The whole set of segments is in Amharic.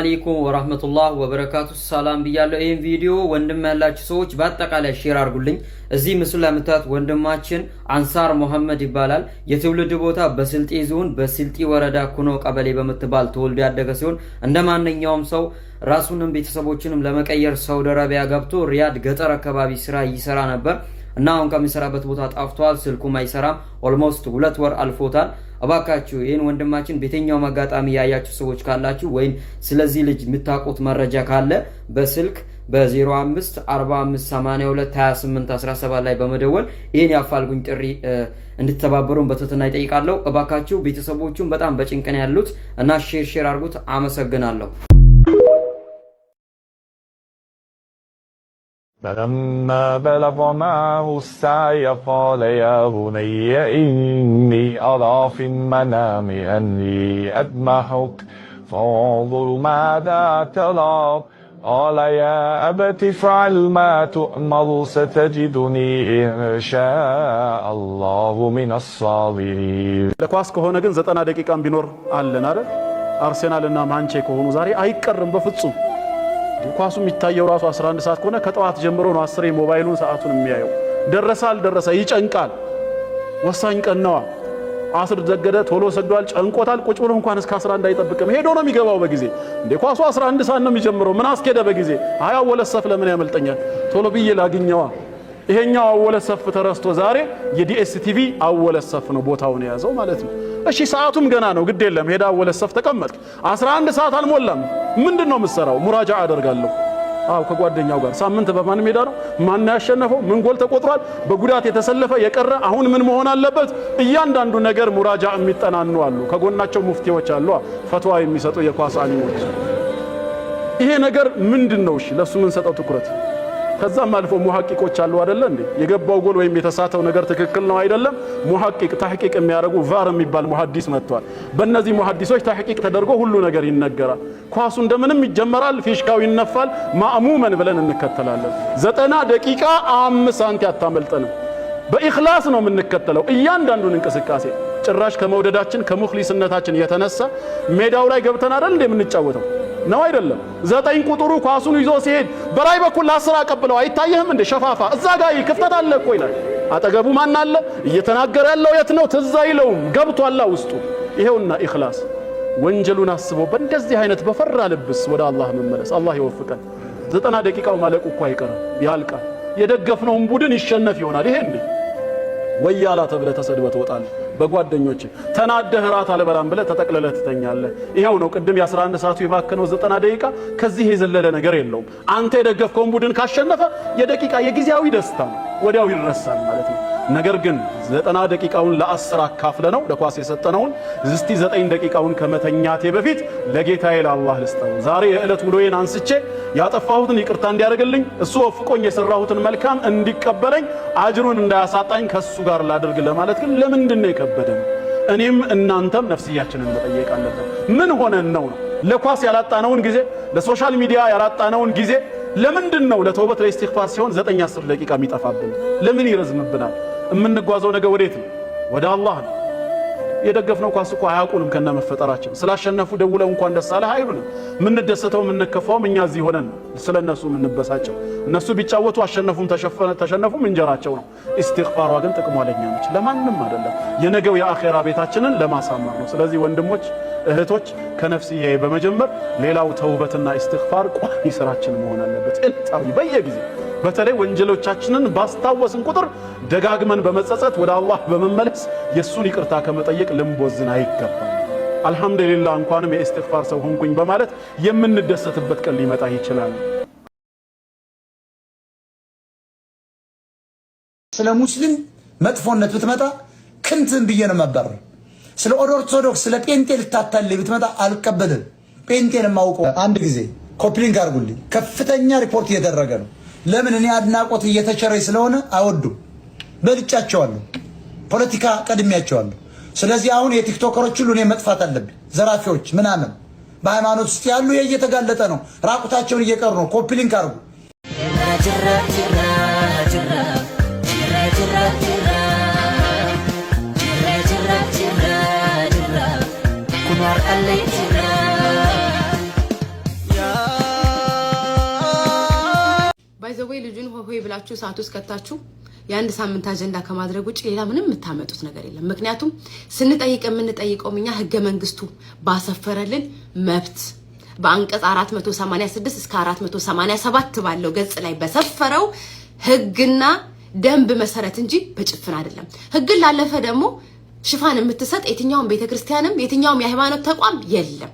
አለይኩም ወራህመቱላህ ወበረካቱ ሰላም ብያለሁ። ይህን ቪዲዮ ወንድም ያላችሁ ሰዎች በአጠቃላይ ሼር አድርጉልኝ። እዚህ ምስሉ ላይ የምታዩት ወንድማችን አንሳር መሐመድ ይባላል። የትውልድ ቦታ በስልጤ ዞን በስልጤ ወረዳ ኩኖ ቀበሌ በምትባል ተወልዶ ያደገ ሲሆን እንደ ማንኛውም ሰው ራሱንም ቤተሰቦችንም ለመቀየር ሳውዲ አረቢያ ገብቶ ሪያድ ገጠር አካባቢ ስራ ይሰራ ነበር እና አሁን ከሚሰራበት ቦታ ጣፍቷል። ስልኩም አይሰራም። ኦልሞስት ሁለት ወር አልፎታል። እባካችሁ ይህን ወንድማችን በየትኛውም አጋጣሚ ያያችሁ ሰዎች ካላችሁ ወይም ስለዚህ ልጅ የምታውቁት መረጃ ካለ በስልክ በ05 17 ላይ በመደወል ይህን ያፋልጉኝ ጥሪ እንድትተባበሩን በትህትና ይጠይቃለሁ። እባካችሁ ቤተሰቦቹን በጣም በጭንቅን ያሉት እና ሼር ሼር አድርጉት። አመሰግናለሁ። فلما بلغ معه السعي قال يا بني إني أرى في المنام أني أدمحك فانظر ماذا ترى قال يا أبت افعل ما تؤمر ستجدني إن شاء الله من الصابرين ለኳስ ከሆነ ግን ዘጠና بنور ቢኖር አለን አይደል አርሴናልና ማንቼ ከሆኑ أي كرم بفتصو ኳሱ የሚታየው ራሱ 11 ሰዓት ከሆነ ከጠዋት ጀምሮ ነው አስሬ ሞባይሉን ሰዓቱን የሚያየው። ደረሰ አልደረሰ ይጨንቃል። ወሳኝ ቀን ነዋ። አስር ዘገደ ቶሎ ሰዷል፣ ጨንቆታል። ቁጭ ብሎ እንኳን እስከ 11 አይጠብቅም። ሄዶ ነው የሚገባው በጊዜ። እንዴ ኳሱ 11 ሰዓት ነው የሚጀምረው። ምን አስኬደ በጊዜ? አያ ወለሰፍ ለምን ያመልጠኛል? ቶሎ ብዬ ላግኘዋ ይሄኛው አወለ ሰፍ ተረስቶ ዛሬ የዲኤስቲቪ አወለ ሰፍ ነው ቦታውን የያዘው ማለት ነው። እሺ ሰዓቱም ገና ነው፣ ግድ የለም ሄዳ አወለ ሰፍ ተቀመጥክ። 11 ሰዓት አልሞላም። ምንድን ነው የምትሰራው? ሙራጃ አደርጋለሁ። አዎ ከጓደኛው ጋር ሳምንት በማን ሜዳ ነው ማን ያሸነፈው፣ ምን ጎል ተቆጥሯል፣ በጉዳት የተሰለፈ የቀረ አሁን ምን መሆን አለበት፣ እያንዳንዱ ነገር ሙራጃ የሚጠናኑ አሉ። ከጎናቸው ሙፍቲዎች አሉ፣ ፈትዋ የሚሰጡ የኳስ አሊሞች። ይሄ ነገር ምንድን ነው? እሺ ለእሱ ምን ሰጠው ትኩረት ከዛም አልፎ ሙሐቂቆች አሉ አይደለ እንዴ? የገባው ጎል ወይም የተሳተው ነገር ትክክል ነው አይደለም? ሙሐቂቅ ታህቂቅ የሚያደርጉ ቫር የሚባል ሙሐዲስ መጥቷል። በእነዚህ ሙሐዲሶች ታህቂቅ ተደርጎ ሁሉ ነገር ይነገራል። ኳሱ እንደምንም ይጀመራል፣ ፊሽካው ይነፋል። ማእሙመን ብለን እንከተላለን። ዘጠና ደቂቃ አምስት ሳንቲ አታመልጠንም። በኢኽላስ ነው የምንከተለው እያንዳንዱን እንቅስቃሴ ጭራሽ ከመውደዳችን ከሙኽሊስነታችን የተነሳ ሜዳው ላይ ገብተን አይደል እንደምንጫወተው ነው አይደለም? ዘጠኝ ቁጥሩ ኳሱን ይዞ ሲሄድ በላይ በኩል ለአስር አቀብለው አይታየህም እንደ ሸፋፋ እዛ ጋር ክፍተት አለ እኮ ይላል። አጠገቡ ማን አለ? እየተናገረ ያለው የት ነው? ትዝ አይለውም። ገብቷላ ውስጡ። ይሄውና ኢኽላስ ወንጀሉን አስቦ በእንደዚህ አይነት በፈራ ልብስ ወደ አላህ መመለስ። አላህ ይወፍቀን። ዘጠና ደቂቃው ማለቁ እኮ አይቀርም፣ ያልቃል። የደገፍነውን ቡድን ይሸነፍ ይሆናል። ይሄ እንዴ ወያላ ተብለ ተሰድበህ ትወጣለህ። በጓደኞች ተናደህ እራት አልበላም ብለህ ተጠቅልለህ ትተኛለህ። ይኸው ነው ቅድም የ11 ሰዓቱ የባከነው 90 ደቂቃ ከዚህ የዘለለ ነገር የለውም። አንተ የደገፍከውን ቡድን ካሸነፈ የደቂቃ የጊዜያዊ ደስታ ነው፣ ወዲያው ይረሳል ማለት ነው። ነገር ግን ዘጠና ደቂቃውን ለአስር አካፍለ ነው ለኳስ የሰጠነውን እስቲ ዘጠኝ ደቂቃውን ከመተኛቴ በፊት ለጌታዬ ለአላህ ልስጠው። ዛሬ የዕለት ውሎዬን አንስቼ ያጠፋሁትን ይቅርታ እንዲያደርግልኝ እሱ ወፍቆኝ የሰራሁትን መልካም እንዲቀበለኝ አጅሩን እንዳያሳጣኝ ከሱ ጋር ላደርግ ለማለት ግን ለምንድን ነው የከበደን? እኔም እናንተም ነፍስያችንን መጠየቅ አለብን። ምን ሆነን ነው ነው ለኳስ ያላጣነውን ጊዜ ለሶሻል ሚዲያ ያላጣነውን ጊዜ ለምንድን ነው ለተውበት ለኢስቲግፋር ሲሆን ዘጠኝ አስር ደቂቃ የሚጠፋብን? ለምን ይረዝምብናል? የምንጓዘው ነገ ወዴት ነው? ወደ አላህ ነው። የደገፍነው ኳስ እኮ አያውቁንም ከነ መፈጠራችን። ስላሸነፉ ደውለው እንኳን ደስ አለህ አይሉንም። የምንደሰተው የምንከፋውም እኛ እዚህ ሆነን ስለ እነሱ የምንበሳጨው። እነሱ ቢጫወቱ አሸነፉም ተሸነፉም እንጀራቸው ነው። እስትግፋሯ ግን ጥቅሟ ለእኛ ነች፣ ለማንም አይደለም። የነገው የአኼራ ቤታችንን ለማሳመር ነው። ስለዚህ ወንድሞች እህቶች ከነፍስዬ በመጀመር ሌላው ተውበትና ኢስትግፋር ቋሚ ስራችን መሆን አለበት። እንጣው በየጊዜ በተለይ ወንጀሎቻችንን ባስታወስን ቁጥር ደጋግመን በመጸጸት ወደ አላህ በመመለስ የእሱን ይቅርታ ከመጠየቅ ልንቦዝን አይገባም። አልሐምዱሊላህ እንኳንም የኢስትግፋር ሰው ሆንኩኝ በማለት የምንደሰትበት ቀን ሊመጣ ይችላል። ስለ ሙስሊም መጥፎነት ብትመጣ ክንትን ብዬ ነው ስለ ኦርቶዶክስ ስለ ጴንጤ ልታታልይ ብትመጣ አልቀበልም። ጴንጤን የማውቀው አንድ ጊዜ ኮፕሊንግ አርጉልኝ። ከፍተኛ ሪፖርት እየተደረገ ነው። ለምን እኔ አድናቆት እየተቸረኝ ስለሆነ አይወዱም። በልጫቸዋለሁ፣ ፖለቲካ ቀድሜያቸዋለሁ። ስለዚህ አሁን የቲክቶከሮች ሁሉ እኔ መጥፋት አለብኝ። ዘራፊዎች ምናምን በሃይማኖት ውስጥ ያሉ እየተጋለጠ ነው። ራቁታቸውን እየቀሩ ነው። ኮፒሊንግ አድርጉ። ባይዘወይ ልጁን ሆይ ብላችሁ ሰዓት ውስጥ ከታችሁ የአንድ ሳምንት አጀንዳ ከማድረግ ውጭ ሌላ ምንም የምታመጡት ነገር የለም። ምክንያቱም ስንጠይቅ የምንጠይቀውም እኛ ህገ መንግስቱ ባሰፈረልን መብት በአንቀጽ 486 እስከ 487 ባለው ገጽ ላይ በሰፈረው ህግና ደንብ መሰረት እንጂ በጭፍን አይደለም። ህግን ላለፈ ደግሞ ሽፋን የምትሰጥ የትኛውም ቤተክርስቲያንም የትኛውም የሃይማኖት ተቋም የለም።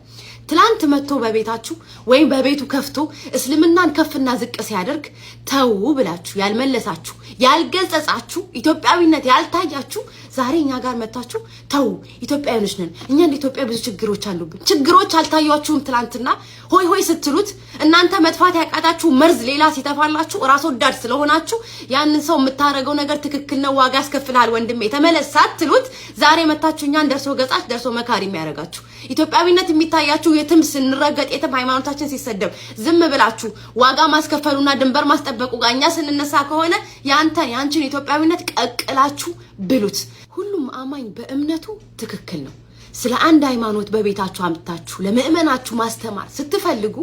ትላንት መጥቶ በቤታችሁ ወይም በቤቱ ከፍቶ እስልምናን ከፍና ዝቅ ሲያደርግ ተው ብላችሁ ያልመለሳችሁ፣ ያልገጸጻችሁ፣ ኢትዮጵያዊነት ያልታያችሁ ዛሬ እኛ ጋር መታችሁ ተው፣ ኢትዮጵያውያኖች ነን እኛ እንደ ኢትዮጵያ ብዙ ችግሮች አሉብን። ችግሮች አልታያችሁም? ትናንትና ሆይ ሆይ ስትሉት እናንተ መጥፋት ያቃታችሁ መርዝ ሌላ ሲተፋላችሁ ራስ ወዳድ ስለሆናችሁ ያንን ሰው የምታደርገው ነገር ትክክል ነው፣ ዋጋ ያስከፍልሃል ወንድሜ የተመለሳ ትሉት ዛሬ መታችሁ እኛን ደርሶ ገጻች ደርሶ መካሪ የሚያደርጋችሁ ኢትዮጵያዊነት የሚታያችሁ የትም ስንረገጥ የትም ሃይማኖታችን ሲሰደብ ዝም ብላችሁ ዋጋ ማስከፈሉና ድንበር ማስጠበቁ ጋር እኛ ስንነሳ ከሆነ ያንተን ያንቺን ኢትዮጵያዊነት ቀቅላችሁ ብሉት። ሁሉም አማኝ በእምነቱ ትክክል ነው። ስለ አንድ ሃይማኖት በቤታችሁ አምጥታችሁ ለምእመናችሁ ማስተማር ስትፈልጉ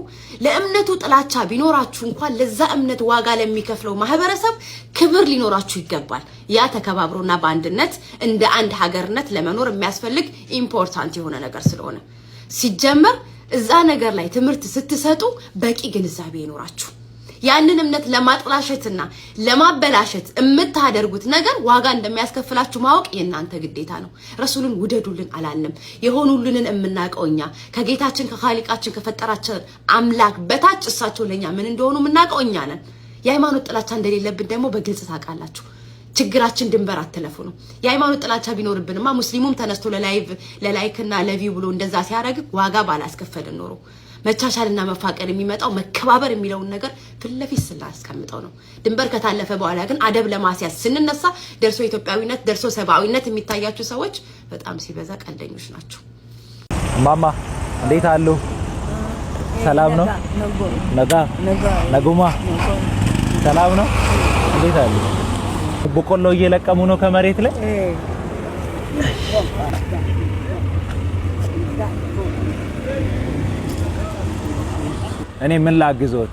ለእምነቱ ጥላቻ ቢኖራችሁ እንኳን ለዛ እምነት ዋጋ ለሚከፍለው ማህበረሰብ ክብር ሊኖራችሁ ይገባል። ያ ተከባብሮና በአንድነት እንደ አንድ ሀገርነት ለመኖር የሚያስፈልግ ኢምፖርታንት የሆነ ነገር ስለሆነ ሲጀመር እዛ ነገር ላይ ትምህርት ስትሰጡ በቂ ግንዛቤ ይኖራችሁ ያንን እምነት ለማጥላሸትና ለማበላሸት የምታደርጉት ነገር ዋጋ እንደሚያስከፍላችሁ ማወቅ የእናንተ ግዴታ ነው። ረሱልን ውደዱልን አላለም። የሆኑልንን የምናውቀው እኛ ከጌታችን ከካሊቃችን ከፈጠራችን አምላክ በታች እሳቸው ለእኛ ምን እንደሆኑ የምናውቀው እኛ ነን። የሃይማኖት ጥላቻ እንደሌለብን ደግሞ በግልጽ ታውቃላችሁ። ችግራችን ድንበር አትለፉ ነው። የሃይማኖት ጥላቻ ቢኖርብንማ ሙስሊሙም ተነስቶ ለላይቭ ለላይክና ለቪው ብሎ እንደዛ ሲያደርግ ዋጋ ባላስከፈልን ኖሮ መቻቻልና መፋቀር የሚመጣው መከባበር የሚለውን ነገር ፊት ለፊት ስናስቀምጠው ነው። ድንበር ከታለፈ በኋላ ግን አደብ ለማስያዝ ስንነሳ ደርሶ ኢትዮጵያዊነት፣ ደርሶ ሰብአዊነት የሚታያቸው ሰዎች በጣም ሲበዛ ቀልደኞች ናቸው። ማማ እንዴት አሉ? ሰላም ነው? ነጋ ነጉማ ሰላም ነው? እንዴት አሉ? በቆሎ እየለቀሙ ነው ከመሬት ላይ እኔ ምን ላግዞት?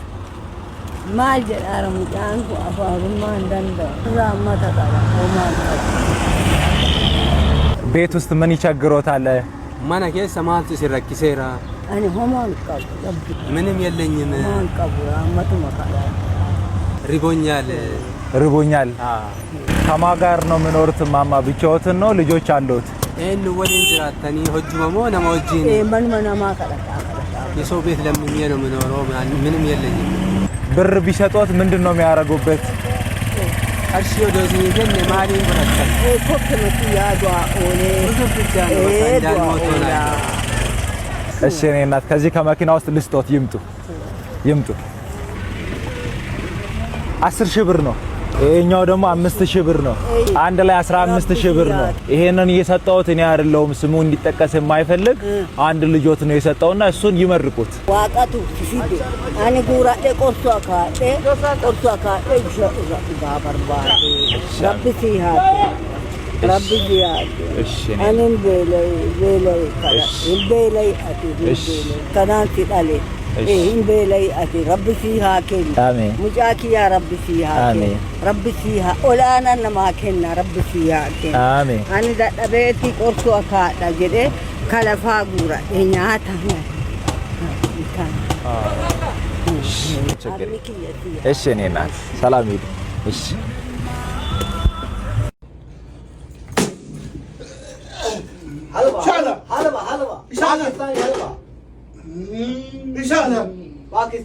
ቤት ውስጥ ምን ይቸግሮታል? ማና ኬሰ ማልቱ ሲረኪሴራ ምንም የለኝም፣ ሪቦኛል ርቦኛል። ከማን ጋር ነው የምኖሩት? ማማ ብቻዎትን ነው? ልጆች አሉት? ወን ጅራተኒ ሆጅ መሞ ነማ ሆጅ የሰው ቤት ለምኜ ነው የምኖረው። ምንም የለኝም። ብር ቢሰጦት ምንድን ነው የሚያደርጉበት? እሺ እኔ እናት ከዚህ ከመኪና ውስጥ ልስጦት። ይምጡ ይምጡ። አስር ሺህ ብር ነው ይሄኛው ደግሞ አምስት ሺህ ብር ነው። አንድ ላይ አስራ አምስት ሺህ ብር ነው። ይሄንን የሰጠሁት እኔ አይደለሁም። ስሙ እንዲጠቀስ የማይፈልግ አንድ ልጆት ነው የሰጠውና እሱን ይመርቁት። ዋቀቱ አኒ إيهم بيلي أتي ربي فيها كل آمين مجاكي يا ربي فيها كل آمين ربي فيها ولا أنا لما كنا ربي فيها كل آمين أنا ذا أبيتي قرصو أكاتا جدي كلفا غورا إنياتا እሺ፣ ችግር የለም። እሺ፣ እኔ ናት ሰላም ሂዱ። እሺ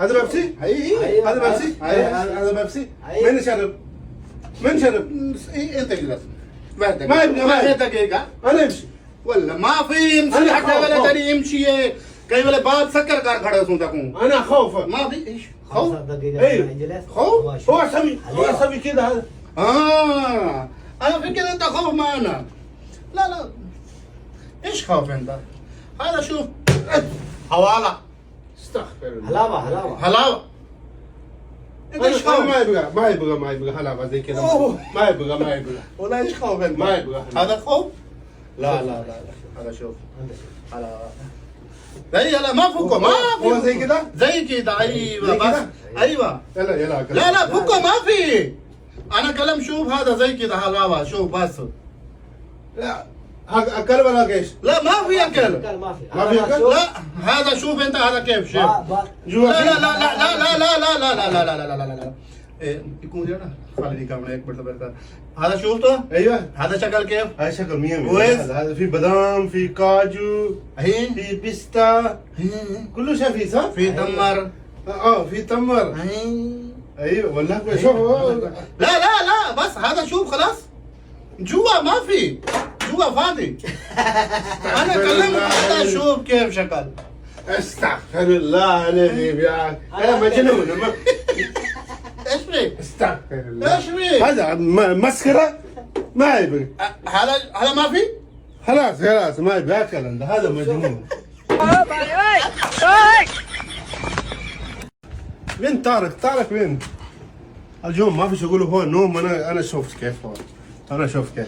هذا بيبسي؟ اي هذا بيبسي؟ هذا بيبسي؟ من شرب؟ من شرب؟ إيه، إيه، انت اجلس ما ما دقيقة انا امشي ولا ما في يمشي حتى ولا تاني يمشي कई ولا بعد سكر كار खड़े उसमें تكو انا خوف ما في إيه. خوف خوف هو سمي هو سمي كده اه انا في كده انت خوف معانا لا لا ايش خوف انت هذا شوف حواله استغفر الله هلاوه هلاوه هلاوه ايش خوف ما يبغى ما يبغى ما يبغى هلاوه زي كذا ما يبغى ما يبغى والله ايش خوف انت ما يبغى هذا خوف لا لا لا هذا شوف هلا لا لا ما فكه ما في زي كذا زي كذا ايوه بس ايوه يلا يلا لا لا فكه ما في انا كلام شوف هذا زي كذا هلاوه شوف بس لا اكل ولا كيش؟ لا ما في اكل ما في اكل؟ لا هذا شوف انت هذا كيف شيف لا لا لا لا لا لا لا لا لا لا لا لا لا لا لا لا يكون جانا لا لا لا لا هذا لا ايوه هذا شكل كيف؟ هاي شكل لا لا هذا في بادام في كاجو في بيستا كله شيء لا صح؟ في تمر اه في تمر ايوه والله شوف لا لا لا بس هذا شوف خلاص جوا ما في هو فاضي انا كلمت حتى اشوف كيف شغال استغفر الله العظيم يا انا مجنون ايش فيك؟ استغفر الله ايش فيك؟ هذا مسخره ما يبي هلا هلا ما في؟ خلاص خلاص ما يبي هذا هذا مجنون وين طارق؟ طارق وين؟ اليوم ما في اقوله هو نوم انا انا شفت كيف هو انا شفت كيف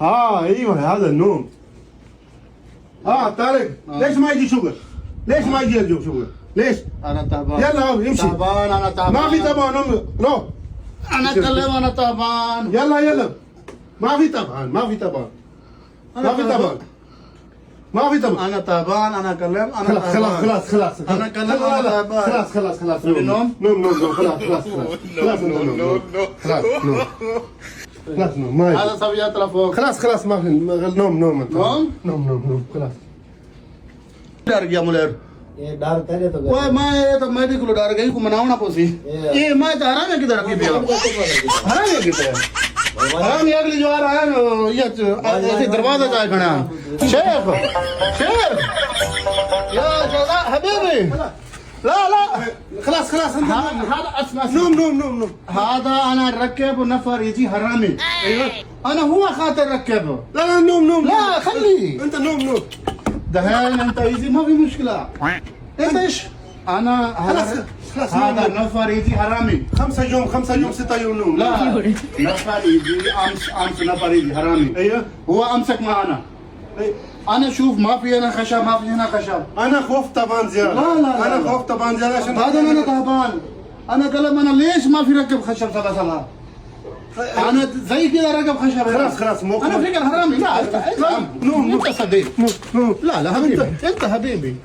اه ايوه هذا النوم اه طارق آه. ليش ما يجي شغل؟ ليش ما يجي شغل؟ ليش؟ انا تعبان يلا امشي تعبان انا تعبان ما في تعبان روح انا اتكلم انا تعبان يلا يلا ما في تعبان ما في تعبان ما في تعبان ما في تعبان انا تعبان انا كلام انا خلاص خلاص خلاص خلاص انا كلام انا تعبان خلاص خلاص خلاص نوم نوم نوم خلاص خلاص خلاص نوم نوم نوم خلاص نوم خلاص نوم ماي هذا صبي يطلع فوق خلاص خلاص ما نوم نوم نوم نوم نوم نوم خلاص دار ગયા મુલેર એ ડર કરે તો ઓય માં એ તો دار گئی ડર ગઈ કુ મનાવણા પોસી એ માં તો હરામે કી ડર કી બે હરામે કી ડર હરામે આગલી જો આ રહ્યા ને યે એસે દરવાજા જાય ઘણા لا لا خلاص خلاص هذا اسمع نوم نوم نوم نوم هذا انا ركب نفر يجي حرامي ايوه انا هو خاطر ركبه لا لا نوم نوم لا خليه انت نوم نوم دهين انت يجي ما في مشكله انت ايش انا خلاص هذا نفر يجي حرامي خمسة يوم خمسة يوم ستة يوم نوم لا نفر يجي امس امس نفر يجي حرامي ايوه هو امسك معنا أيوة. انا شوف ما في هنا خشب ما في هنا خشب انا خفت تبان زياده لا لا, لا انا خفت طبعا زياده عشان انا تعبان انا قلب انا ليش ما في ركب خشب تبع سلام انا زي كذا ركب خشب خلاص خلاص مو انا فكر حرام لا نو نو انت صديق لا لا حبيبي انت حبيبي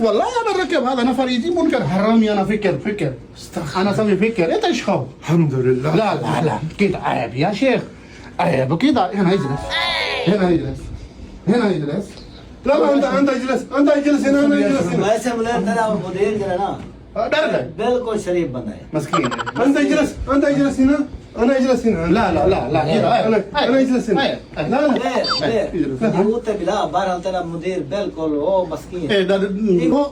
والله انا ركب هذا نفر يجي منكر حرامي انا فكر فكر انا سوي فكر انت ايش خوف الحمد لله لا لا لا كده عيب يا شيخ عيب كده هنا اجلس هنا اجلس هنا يجلس لا انت انت اجلس انت اجلس هنا انا اجلس هنا वैसे मुलायम था ना वो मुदीर जो है ना डर है बिल्कुल शरीफ बंदा है مسكين انت اجلس انت اجلس هنا انا اجلس هنا لا لا لا لا انا انا اجلس هنا لا لا يوت بلا بارحال ترى مدير بالكل هو مسكين هو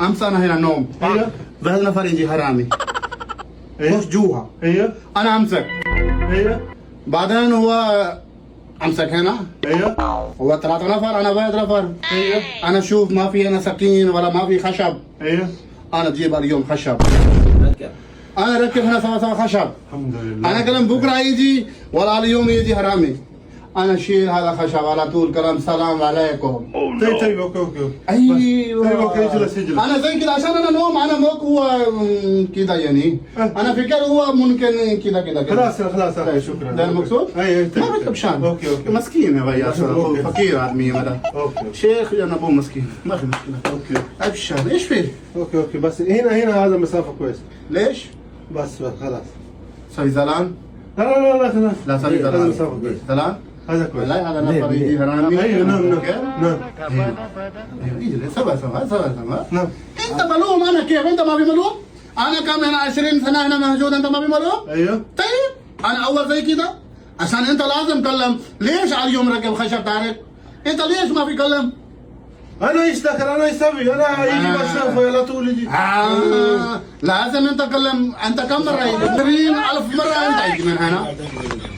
امس انا هنا نوم ذهب نفر يجي هرامي مش جوها ايوه انا امسك ايوه بعدين هو امسك هنا ايوه هو ثلاثة نفر انا واحد نفر ايوه انا شوف ما في انا سكين ولا ما في خشب ايوه انا بجيب اليوم خشب انا ركب هنا سوا سوا خشب الحمد لله انا قلم بكره يجي ولا اليوم يجي حرامي انا شيل هذا خشب على طول كلام سلام عليكم oh طيب طيب اوكي اوكي ايوه طيب اوكي اجلس اجلس انا زي كذا عشان انا نوم انا موك هو كذا يعني أه. انا فكر هو ممكن كذا كذا خلاص خلاص طيب شكرا ده المقصود؟ اي طيب ما بكبشان طيب. اوكي اوكي مسكين يا بيا فقير ادمي مدى اوكي شيخ انا ابوه مسكين ما في مشكله اوكي طيب، ابشر ايش فيه؟ اوكي اوكي بس هنا هنا هذا مسافه كويسه ليش؟ بس خلاص سوي زلان؟ لا لا لا لا لا لا لا لا زلان هذا كويس لا على نفر يدين رامي ايوه إيه، نعم نعم نعم سبع سبع سبع سبع نعم انت ملوم انا كيف انت ما في ملوم انا كم هنا 20 سنه هنا موجود انت ما في ملوم ايوه طيب انا اول زي كده عشان انت لازم تكلم ليش على اليوم ركب خشب تارك انت ليش ما في كلم انا ايش دخل انا ايش اسوي انا يجي آه. بشرف على طول يجي آه. لازم انت تكلم انت كم مره 20000 مره انت يجي من هنا